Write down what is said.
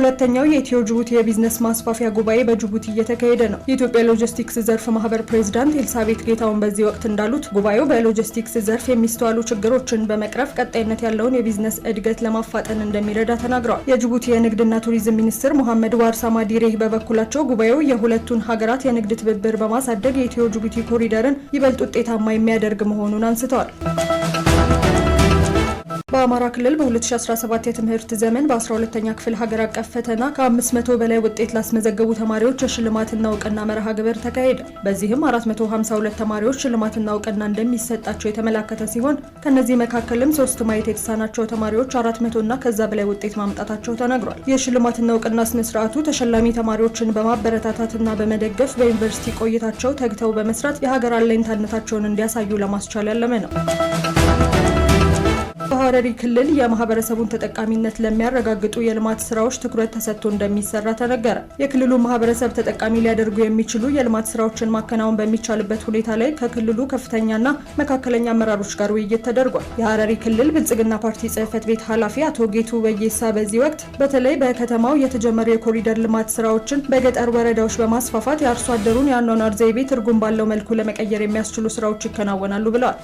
ሁለተኛው የኢትዮ ጅቡቲ የቢዝነስ ማስፋፊያ ጉባኤ በጅቡቲ እየተካሄደ ነው። የኢትዮጵያ ሎጂስቲክስ ዘርፍ ማህበር ፕሬዚዳንት ኤልሳቤት ጌታውን በዚህ ወቅት እንዳሉት ጉባኤው በሎጂስቲክስ ዘርፍ የሚስተዋሉ ችግሮችን በመቅረፍ ቀጣይነት ያለውን የቢዝነስ እድገት ለማፋጠን እንደሚረዳ ተናግረዋል። የጅቡቲ የንግድና ቱሪዝም ሚኒስትር ሙሐመድ ዋርሳ ማዲሬህ በበኩላቸው ጉባኤው የሁለቱን ሀገራት የንግድ ትብብር በማሳደግ የኢትዮ ጅቡቲ ኮሪደርን ይበልጥ ውጤታማ የሚያደርግ መሆኑን አንስተዋል። በአማራ ክልል በ2017 የትምህርት ዘመን በ12ኛ ክፍል ሀገር አቀፍ ፈተና ከ500 በላይ ውጤት ላስመዘገቡ ተማሪዎች የሽልማትና እውቅና መርሃ ግብር ተካሄደ። በዚህም 452 ተማሪዎች ሽልማትና እውቅና እንደሚሰጣቸው የተመላከተ ሲሆን ከእነዚህ መካከልም ሶስት ማየት የተሳናቸው ተማሪዎች 400 ና ከዛ በላይ ውጤት ማምጣታቸው ተነግሯል። የሽልማትና እውቅና ስነስርዓቱ ተሸላሚ ተማሪዎችን በማበረታታትና በመደገፍ በዩኒቨርሲቲ ቆይታቸው ተግተው በመስራት የሀገር አለኝታነታቸውን እንዲያሳዩ ለማስቻል ያለመ ነው። በሀረሪ ክልል የማህበረሰቡን ተጠቃሚነት ለሚያረጋግጡ የልማት ስራዎች ትኩረት ተሰጥቶ እንደሚሰራ ተነገረ። የክልሉ ማህበረሰብ ተጠቃሚ ሊያደርጉ የሚችሉ የልማት ስራዎችን ማከናወን በሚቻልበት ሁኔታ ላይ ከክልሉ ከፍተኛና መካከለኛ አመራሮች ጋር ውይይት ተደርጓል። የሀረሪ ክልል ብልጽግና ፓርቲ ጽህፈት ቤት ኃላፊ አቶ ጌቱ በየሳ በዚህ ወቅት በተለይ በከተማው የተጀመሩ የኮሪደር ልማት ስራዎችን በገጠር ወረዳዎች በማስፋፋት የአርሶ አደሩን የአኗኗር ዘይቤ ትርጉም ባለው መልኩ ለመቀየር የሚያስችሉ ስራዎች ይከናወናሉ ብለዋል።